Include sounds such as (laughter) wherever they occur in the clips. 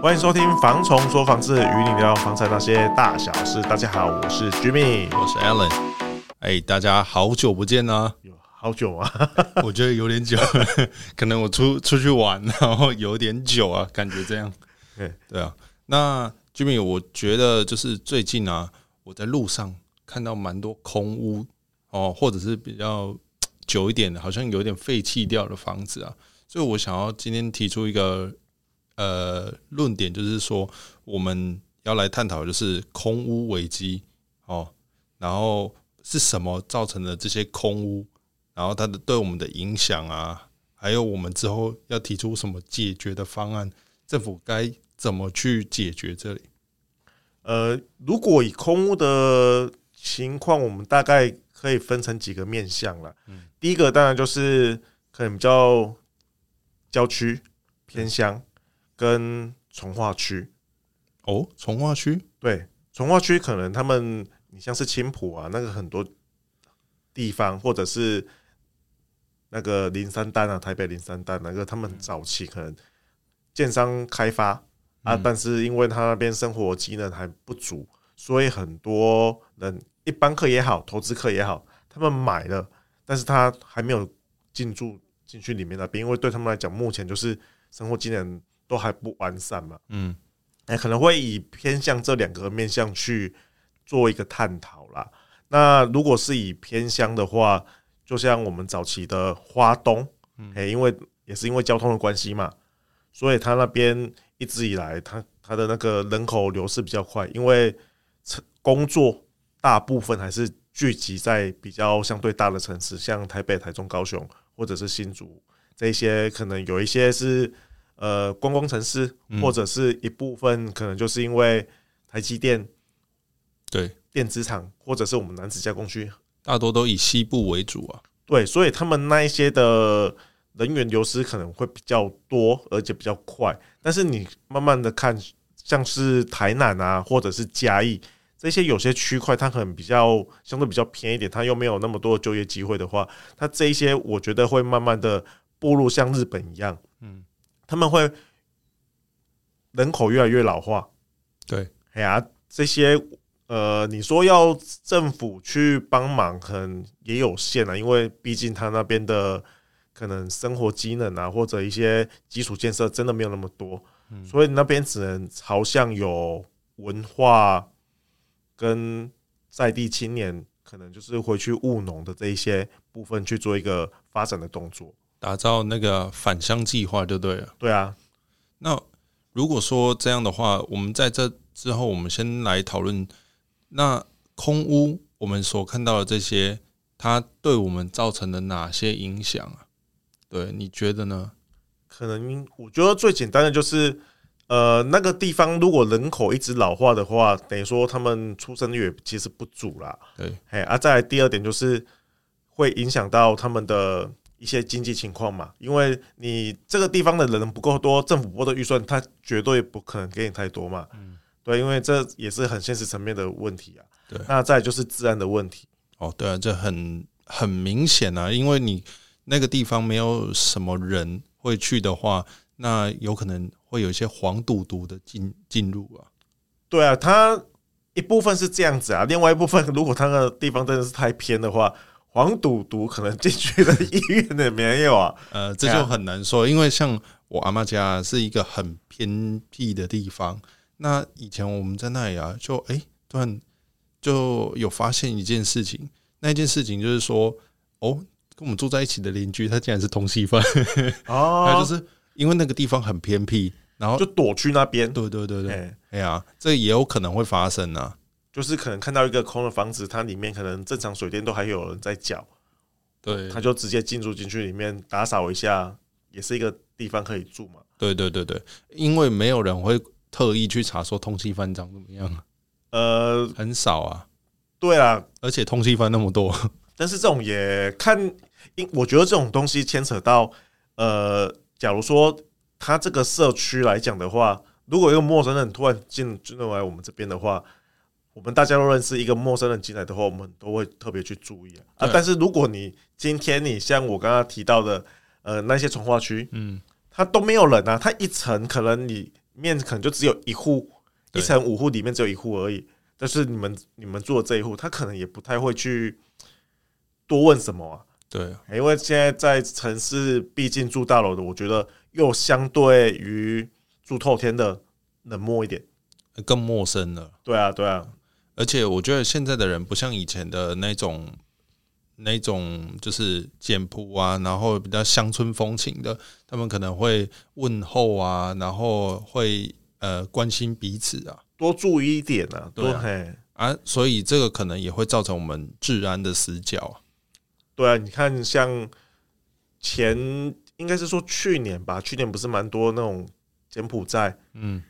歡迎收聽《房蟲說房事》，與你聊聊房產那些大小事。大家好，我是 Jimmy，我是 Alan。哎、欸，大家好久不見啊！有好久啊？ (laughs) 我覺得有點久。 (laughs) 可能我出出去玩，然後有點久啊，感覺這樣。欸、對啊。那 Jimmy，我覺得就是最近啊，我在路上看到蠻多空屋哦，或者是比較久一點的，好像有點廢棄掉的房子啊，所以我想要今天提出一個。呃，論點就是說，我們要來探討就是空屋危機哦，然後是什麼造成的這些空屋，然後它的對我們的影響啊，還有我們之後要提出什麼解決的方案，政府該怎麼去解決這裡？呃，如果以空屋的情況，我們大概可以分成幾個面向了。嗯，第一個當然就是可能比較郊區偏鄉。跟重劃區，哦，重劃區，對，重劃區可能他們，你像是青埔啊，那個很多地方，或者是那個林三淡啊，台北林三淡，那個他們早期可能建商開發、嗯、啊，但是因為他那邊生活機能還不足，所以很多人一般客也好，投資客也好，他們買了，但是他還沒有進駐進去裡面那邊，因為對他們來講，目前就是生活機能。都還不完善嘛，嗯，誒，欸，可能會以偏向這兩個面向去做一個探討啦。那如果是以偏鄉的話，就像我們早期的花東，欸，誒，因為也是因為交通的關係嘛，所以它那邊一直以來，他它的那個人口流失比較快，因為工作大部分還是聚集在比較相對大的城市，像台北、台中、高雄或者是新竹這些，可能有一些是。呃，觀光城市、嗯、或者是一部分，可能就是因為台積電、對電子廠或者是我們楠梓加工區，大多都以西部為主啊。對，所以他們那一些的人員流失可能會比較多，而且比較快。但是你慢慢的看，像是台南啊，或者是嘉義這些有些區塊，它可能比較相對比較偏一點，它又沒有那麼多就業機會的話，那這一些我覺得會慢慢的步入像日本一樣。他們會人口越來越老化，對，哎呀，這些呃，你說要政府去幫忙，可能也有限了，因為畢竟他那邊的可能生活機能啊，或者一些基礎建設真的沒有那麼多，嗯、所以那邊只能朝向有文化跟在地青年，可能就是回去務農的這一些部分去做一個發展的動作。打造那個返鄉計劃就對了。對啊，那如果說這樣的話，我們在這之後，我們先來討論那空屋，我們所看到的這些，它對我們造成的哪些影響啊？對你覺得呢？可能我覺得最簡單的就是，呃，那個地方如果人口一直老化的話，等於說他們出生率其實不足啦。對，啊而再來第二點就是會影響到他們的。一些經濟情況嘛，因為你這個地方的人不夠多，政府撥的預算它絕對不可能給你太多嘛。嗯，對，因為這也是很現實層面的問題啊。對，那再來就是治安的問題。哦，對啊，這很很明顯啊，因為你那個地方沒有什麼人會去的話，那有可能會有一些黃賭毒的進進入啊。對啊，它一部分是這樣子啊，另外一部分如果它那個地方真的是太偏的話。黃賭毒，可能進去的醫院那邊也有啊，啊、呃，這就很難說，因為像我阿嬤家是一個很偏僻的地方，那以前我們在那裡啊，就哎、欸，突然就有發現一件事情，那件事情就是說，哦，跟我們住在一起的鄰居他竟然是通緝犯，哦，呵呵，就是因為那個地方很偏僻，然後就躲去那邊，對，對對對對，哎呀、欸啊，這也有可能會發生呢、啊。就是可能看到一個空的房子，它裡面可能正常水電都還有人在繳，對，他、嗯、就直接進入進去裡面打掃一下，也是一個地方可以住嘛。對對對對，因為沒有人會特意去查說通氣翻長怎麼樣，呃、嗯，很少啊。對啊啦，而且通氣翻那麼多，但是這種也看，因我覺得這種東西牽扯到，呃，假如說他這個社區來講的話，如果一個陌生人突然進入來我們這邊的話。我們大家都認識，一個陌生人進來的話，我們都會特別去注意啊，啊對。但是如果你今天你像我剛剛提到的，呃，那些重劃區，嗯，它都沒有人啊，它一層可能裡面可能就只有一戶，對一層五戶裡面只有一戶而已。但是你們你們住的這一戶，他可能也不太會去多問什麼啊。對，欸、因為現在在城市，畢竟住大樓的，我覺得又相對於住透天的冷漠一點，更陌生了。對啊，對啊，對啊。而且我覺得現在的人不像以前的那種那種，就是簡樸啊，然後比較鄉村風情的，他們可能會問候啊，然後會呃關心彼此啊，多注意一點啊，對啊，嘿啊，所以這個可能也會造成我們治安的死角。對啊，你看像前應該是說去年吧，去年不是蠻多那種柬埔寨，嗯，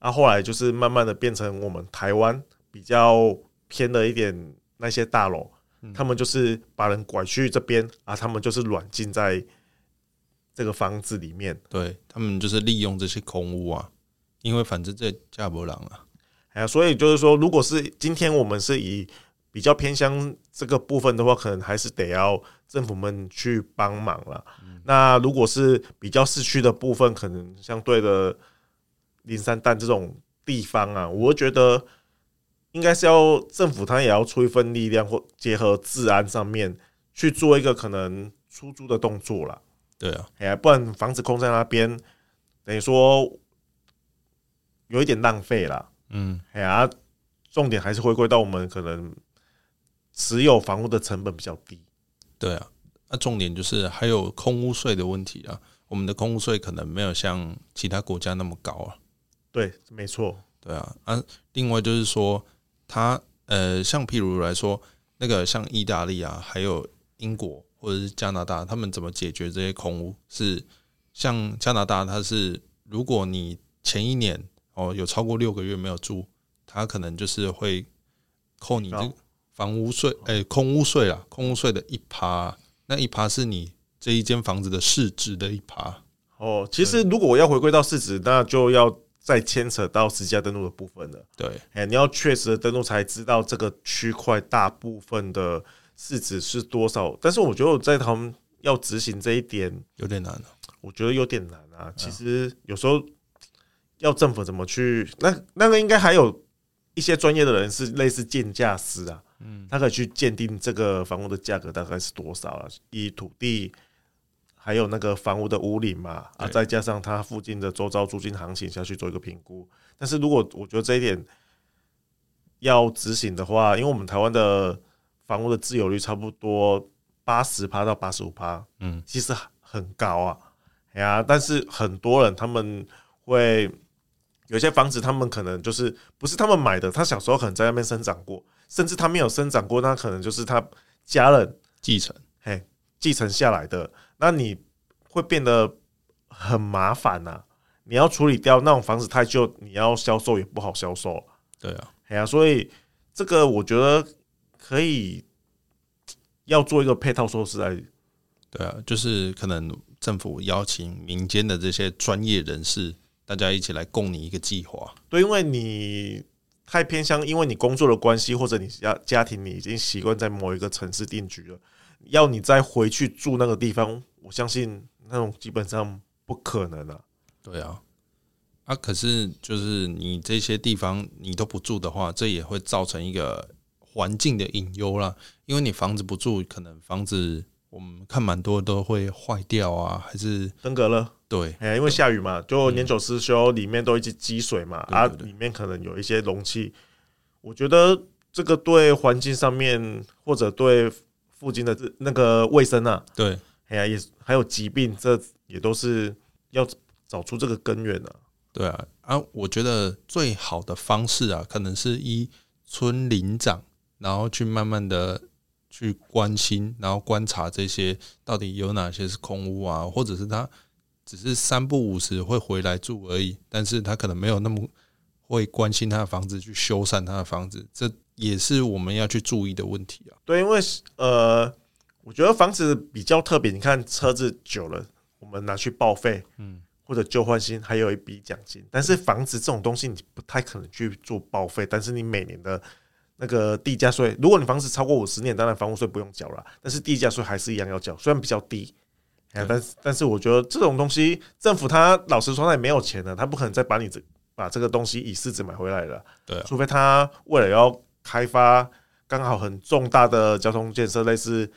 啊，後來就是慢慢的變成我們台灣，比較偏的一點，那些大樓，他們就是把人拐去這邊啊，他們就是軟禁在這個房子裡面。對，他們就是利用這些空屋啊，因為反正在加伯朗啊，哎呀，所以就是說，如果是今天我們是以比較偏鄉這個部分的話，可能還是得要政府們去幫忙了。那如果是比較市區的部分，可能相對的林三淡這種地方啊，我覺得。應該是要政府，他也要出一份力量，或結合治安上面去做一個可能出租的動作啦。對啊，哎呀，不然房子空在那邊，等於說有一點浪費啦。嗯，哎呀，重點還是回歸到我們可能持有房屋的成本比較低。對啊，那、啊、重點就是還有空屋稅的問題啊。我們的空屋稅可能沒有像其他國家那麼高啊。對，沒錯。對啊，啊，另外就是說。他呃，像譬如來說，那個像意大利啊，還有英國或者是加拿大，他們怎麼解決這些空屋？是像加拿大，它是如果你前一年哦、喔、有超過六個月沒有住，他可能就是會扣你房屋稅，哎，空屋稅啦，空屋稅的一趴，那一趴是你這一間房子的市值的一趴。哦，其實如果我要回歸到市值，那就要。在牽扯到實價登錄的部分了，對。哎，你要確實的登錄才知道這個區塊大部分的市值是多少。但是我覺得我在他們要執行這一點有點難了，我覺得有點難啊。其實有時候要政府怎麼去那，那那個應該還有一些專業的人是類似鑑價師啊，嗯，他可以去鑑定這個房屋的價格大概是多少啊，以土地，還有那個房屋的屋齡嘛，啊，再加上它附近的周遭租金行情，下去做一個評估。但是如果我覺得這一點要執行的話，因為我們台灣的房屋的自有率差不多八十趴到八十五趴，嗯，其實很高啊。哎呀，但是很多人他們會有些房子，他們可能就是不是他們買的，他小時候可能在那邊生長過，甚至他沒有生長過，那可能就是他家人繼承，嘿，繼承下來的。那你會變得很麻煩吶、啊！你要處理掉那種房子太舊，你要銷售也不好銷售。對啊，啊，所以這個我覺得可以要做一個配套措施來。對啊，就是可能政府邀請民間的這些專業人士，大家一起來共擬一個計劃。對，因為你太偏向，因為你工作的關係，或者你家家庭，你已經習慣在某一個城市定居了。要你再回去住那個地方，我相信那種基本上不可能了、啊。對啊，啊，可是就是你這些地方你都不住的話，這也會造成一個環境的隱憂啦。因為你房子不住，可能房子我們看蠻多都會壞掉啊，還是登革了。對，哎，因為下雨嘛，就年久失修，裡面都一直積水嘛，嗯、啊，裡面可能有一些容器。對對對，我覺得這個對環境上面或者對。附近的這那個衛生啊，對，哎呀、啊，也還有疾病，這也都是要找出這個根源的、啊。對啊，啊，我覺得最好的方式啊，可能是依村鄰長，然後去慢慢的去關心，然後觀察這些到底有哪些是空屋啊，或者是他只是三不五時會回來住而已，但是他可能沒有那麼會關心他的房子，去修繕他的房子，這也是我們要去注意的問題啊！對，因為是呃，我覺得房子比較特別。你看，車子久了，我們拿去報廢，嗯，或者舊換新，還有一筆獎金。但是房子這種東西，你不太可能去做報廢。但是你每年的那個地價稅，如果你房子超過五十年，當然房屋稅不用交了，但是地價稅還是一樣要交，雖然比較低。但是對、啊、但是，但是我覺得這種東西，政府他老實說，他也沒有錢了，他不可能再把你這把這個東西以市值買回來了。對、啊，除非他為了要開發剛好很重大的交通建設，類似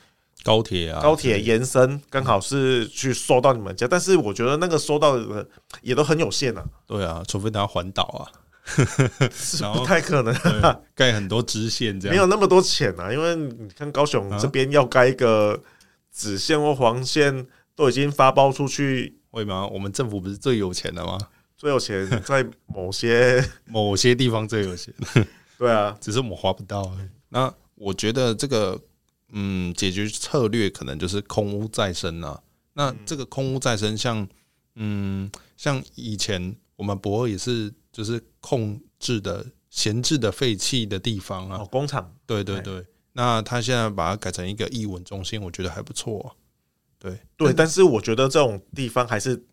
高鐵啊，高鐵延伸剛好是去收到你們家，嗯、但是我覺得那個收到的也都很有限啊。對啊，除非他環島啊， (laughs) 後不太可能、啊。蓋很多支線這樣，沒有那麼多錢啊。因為你看高雄這邊要蓋一個紫線或黃線，都已經發包出去。為什麼我們政府不是最有錢的嗎？最有錢在某些 (laughs) 某些地方最有錢。 (laughs) 對啊，只是我們劃不到、欸。嗯、那我覺得這個，嗯，解決策略可能就是空屋再生啊。那這個空屋再生，像，嗯，嗯，像以前我們博也是，就是控制的閒置的廢棄的地方啊，哦、工廠。對對對。欸、那他現在把它改成一個藝文中心，我覺得還不錯、啊。對對，但，但是我覺得這種地方還是，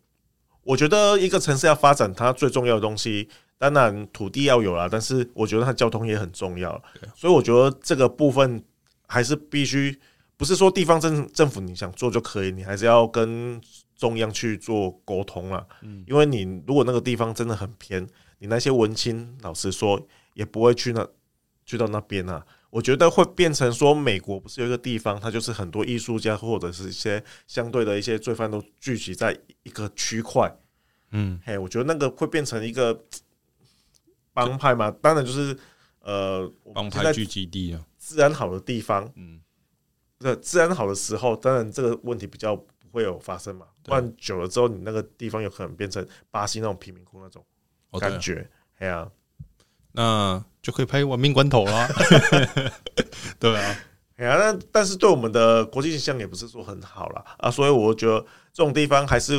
我覺得一個城市要發展，它最重要的東西。當然，土地要有啦，但是我覺得它交通也很重要，Okay. 所以我覺得這個部分還是必須，不是說地方政政府你想做就可以，你還是要跟中央去做溝通啦。嗯，因為你如果那個地方真的很偏，你那些文青老實說也不會去那去到那邊啊。我覺得會變成說，美國不是有一個地方，它就是很多藝術家或者是一些相對的一些罪犯都聚集在一個區塊。嗯，嘿，hey, 我覺得那個會變成一個。幫對派嘛，當然就是呃，幫派聚集地啊，治安好的地方，嗯，對，治安好的時候，當然這個問題比較不會有發生嘛。對不然久了之後，你那個地方有可能變成巴西那種貧民窟那種感覺，哎呀、哦啊，啊、那就可以拍《亡命關頭》了、啊， (laughs) (laughs) 對啊，哎呀、啊啊，那但是對我們的國際形象也不是說很好了啊，所以我覺得這種地方還是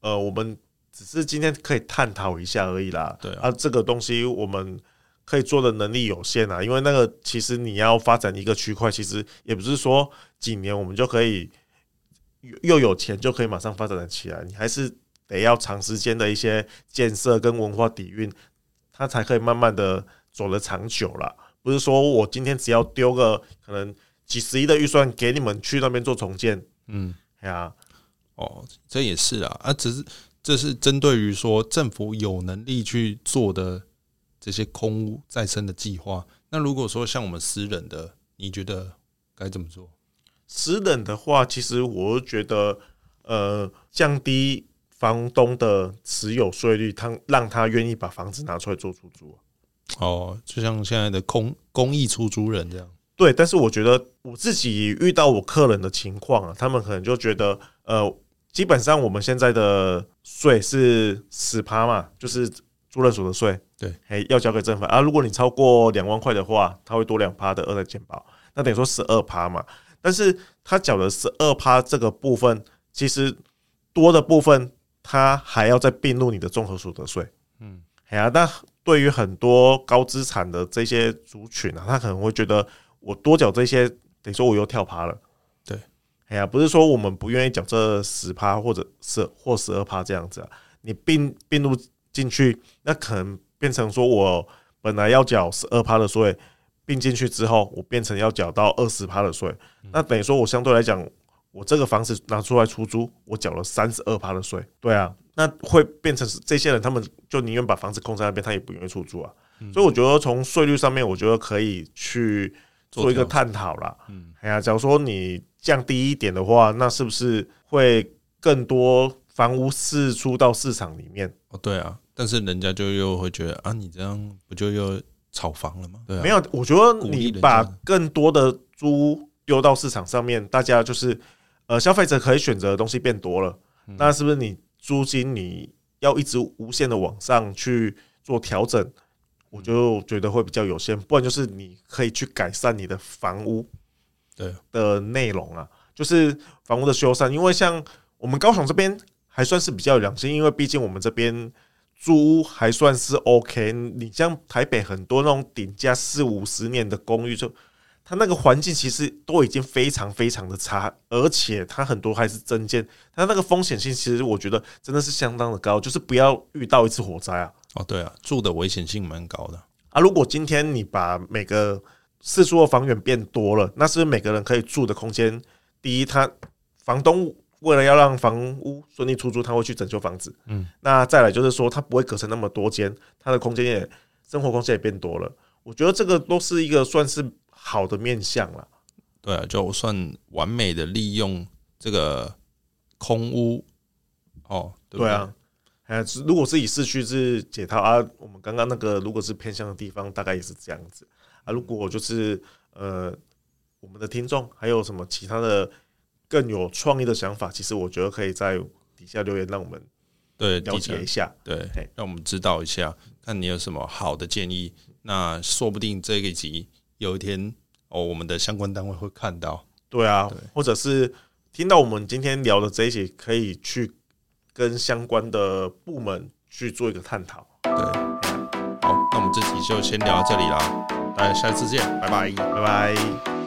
呃我們。只是今天可以探討一下而已啦。對啊，啊、這個東西我們可以做的能力有限啊，因為那個其實你要發展一個區塊，其實也不是說幾年我們就可以又有錢就可以馬上發展的起來，你還是得要長時間的一些建設跟文化底蘊，它才可以慢慢的走得長久啦。不是說我今天只要丟個可能幾十億的預算給你們去那邊做重建，嗯，對啊，哦，這也是啊，啊只是。這是針對於說政府有能力去做的這些空屋再生的計劃。那如果說像我們私人的，你覺得該怎麼做？私人的話，其實我覺得，呃，降低房東的持有稅率，他讓他願意把房子拿出來做出租。哦，就像現在的公公益出租人這樣。對，但是我覺得我自己遇到我客人的情況啊，他們可能就覺得，呃。基本上我們現在的稅是十趴嘛，就是租賃所得稅，對，還要交給政府啊。如果你超過兩萬塊的話，他會多兩趴的二代健保，那等於說十二趴嘛。但是他繳的十二趴這個部分，其實多的部分，他還要再併入你的綜合所得稅。嗯，哎呀、啊，那對於很多高資產的這些族群啊，他可能會覺得我多繳這些，等於說我又跳趴了。哎呀，不是說我們不願意繳這十趴或者是或十二趴這樣子啊，你並並入進去，那可能變成說我本來要繳十二趴的稅，並進去之後，我變成要繳到二十趴的稅。那等於說我相對來講，我這個房子拿出來出租我，我繳了三十二趴的稅。對啊，那會變成是這些人，他們就寧願把房子空在那邊，他也不願意出租啊。所以我覺得從稅率上面，我覺得可以去做一個探討啦。哎呀，假如說你。降低一點的話，那是不是會更多房屋釋出到市場裡面？哦，對啊，但是人家就又會覺得啊，你這樣不就又炒房了嗎？對啊，沒有，我覺得你把更多的租丟到市場上面，大家就是呃，消費者可以選擇的東西變多了。那、嗯、是不是你租金你要一直無限的往上去做調整？我就覺得會比較有限，不然就是你可以去改善你的房屋，對的內容啊，就是房屋的修繕。因為像我們高雄這邊還算是比較良心，因為畢竟我們這邊租還算是 OK。你像台北很多那種頂加四五十年的公寓，就它那個環境其實都已經非常非常的差，而且它很多還是增建，它那個風險性其實我覺得真的是相當的高，就是不要遇到一次火災啊！哦，對啊，住的危險性蠻高的啊。如果今天你把每個四處的房源變多了，那是不是每個人可以住的空間。第一，他房東為了要讓房屋順利出租，他會去整修房子。嗯，那再來就是說，他不會隔成那麼多間，他的空間也生活空間也變多了。我覺得這個都是一個算是好的面向了。對啊，就算完美的利用這個空屋哦，對，對，對啊，還是如果是以市區是解套啊，我們剛剛那個如果是偏向的地方，大概也是這樣子。如果就是呃，我們的聽眾還有什麼其他的更有創意的想法，其實我覺得可以在底下留言，讓我們對了解一下，對，對對讓我們知道一下，看你有什麼好的建議。嗯，那說不定這一集有一天哦，我們的相關單位會看到，對啊，對或者是聽到我們今天聊的這一集，可以去跟相關的部門去做一個探討。對，嗯，好，那我們這集就先聊到這裡啦。大家下次見，拜拜，拜拜。